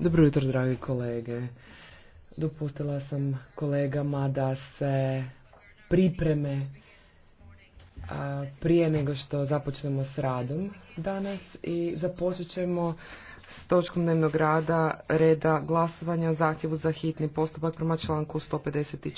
Dobro jutro, dragi kolege. Dopustila sam kolegama da se pripreme prije nego što započnemo s radom danas i započet ćemo s točkom dnevnog rada reda glasovanja o zahtjevu za hitni postupak prema članku